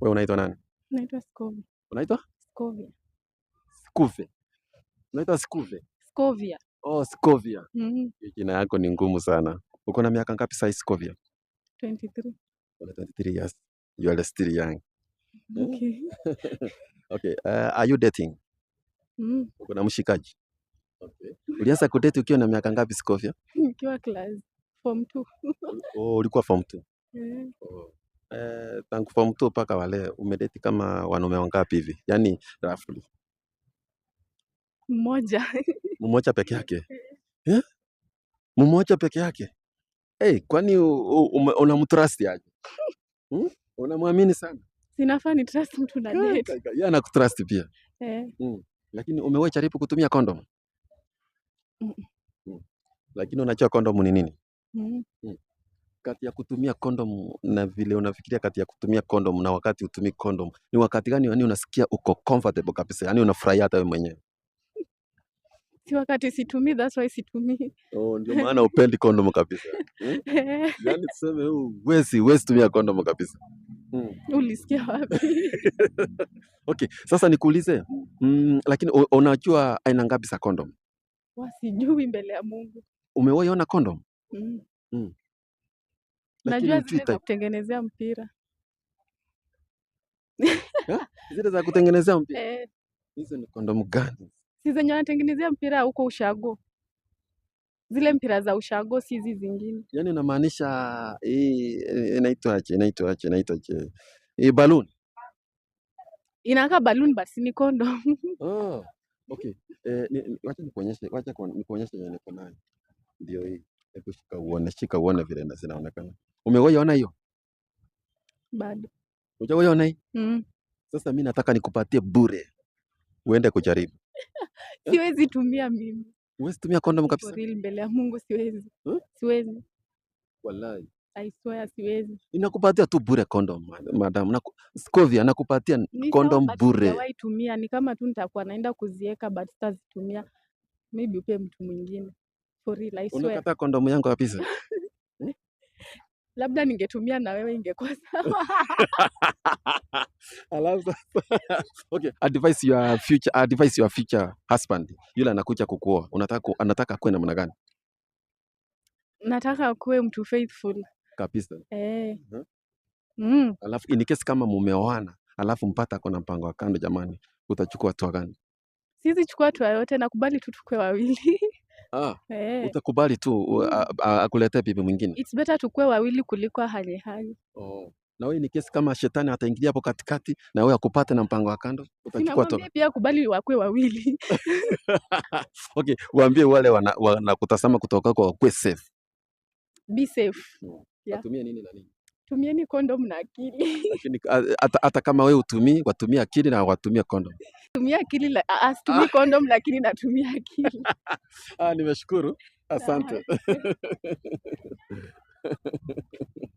Wewe unaitwa nani? Naitwa Skovia. Unaitwa? Skovia. Skuve. Unaitwa Skuve? Skovia. Oh, Skovia. Mhm. Mm. Jina yako ni ngumu sana. Uko na miaka ngapi sasa Skovia? 23. Una 23 years. You are still young. Mm-hmm. Eh? Okay. Okay. Uh, are you dating? Mhm. Uko na mshikaji? Okay. Ulianza kudate ukiwa na miaka ngapi Skovia? Nikiwa class form 2. Oh, ulikuwa form 2 tangu form 2 mpaka wale umedeti kama wanaume wangapi hivi? Yaani roughly. Mmoja. Mmoja peke yake. Eh? Mmoja peke yake. Hey, eh, kwani unamtrust aje? Hmm? Unamwamini sana? Sinafaa ni trust mtu na date. Yeye anakutrust pia. Eh. Hmm. Lakini umewahi jaribu kutumia kondom? Mm. Hmm. Lakini unajua kondom ni nini? Mm. Hmm kati ya kutumia kondom na vile unafikiria kati ya kutumia kondom na wakati utumii kondom, ni wakati gani yani unasikia uko comfortable kabisa, yani unafurahia hata wewe mwenyewe? Si wakati situmii, that's why situmii. Oh, ndio maana upendi kondom kabisa hmm? Yani tuseme huwezi huwezi tumia kondom kabisa hmm. Ulisikia wapi? Okay, sasa nikuulize mm, lakini unajua aina ngapi za kondom? Wasijui mbele ya Mungu. Umewahi ona kondom? Mm. Najua zile za kutengenezea mpira zile eh. za kutengenezea mpira hizo Ni kondomu gani? Si zenye wanatengenezea mpira huko ushago, zile mpira za ushago, si hizi zingine. Yaani inamaanisha hii eh, inaitwaje? Inaitwaje? Inaitwaje? Hii balloon? inakaa balloon, basi ni kondomu. Oh, okay. Eh, ni, wacha nikuonyeshe, wacha nikuonyeshe yenye niko nayo, ndio hii. Hebu shika uone, shika uone vile zinaonekana. Umegoja ona hiyo? Bado. Umegoja ona hiyo? Mm. Sasa mimi nataka nikupatie bure. Uende kujaribu. Siwezi tumia mimi. Uwezi tumia kondom kabisa. Kwa mbele ya Mungu siwezi. Huh? Siwezi. Wallahi. I swear siwezi. Ninakupatia tu bure kondom, madam. Na Scovia nakupatia kondom bure. Sijawahi tumia, ni kama tu nitakuwa naenda kuzieka but sitazitumia. Maybe upe mtu mwingine. For real, I swear. Unakata kondomu yangu kabisa. labda ningetumia na wewe ingekuwa sawa. okay, advise your future, advise your future husband, yule anakuja kukuoa, unataka anataka kuwe namna gani? Nataka kuwe mtu faithful kabisa eh. Mhm. mm. Alafu in case kama mumeoana alafu mpata ako na mpango wa kando, jamani, utachukua hatua gani? Sisi chukua hatua yote, nakubali tu tukue wawili Ah, eh. Utakubali tu mm. akuletee bibi mwingine. It's better tukue wawili kuliko hali hali. Oh. Na wewe ni kesi kama shetani ataingilia hapo katikati na wewe akupate na mpango wa kando utachukua tu. Pia kubali wakwe wawili. Okay, waambie wale wanakutazama wana kutoka kwa wakue safe. Be safe. Mm, yeah. Atumie nini na nini? Tumieni kondom na akili. Lakini hata kama wewe utumii, watumia akili na watumia kondom natumia akili la, situmii kondom ah. lakini natumia akili. Ah, nimeshukuru. Asante.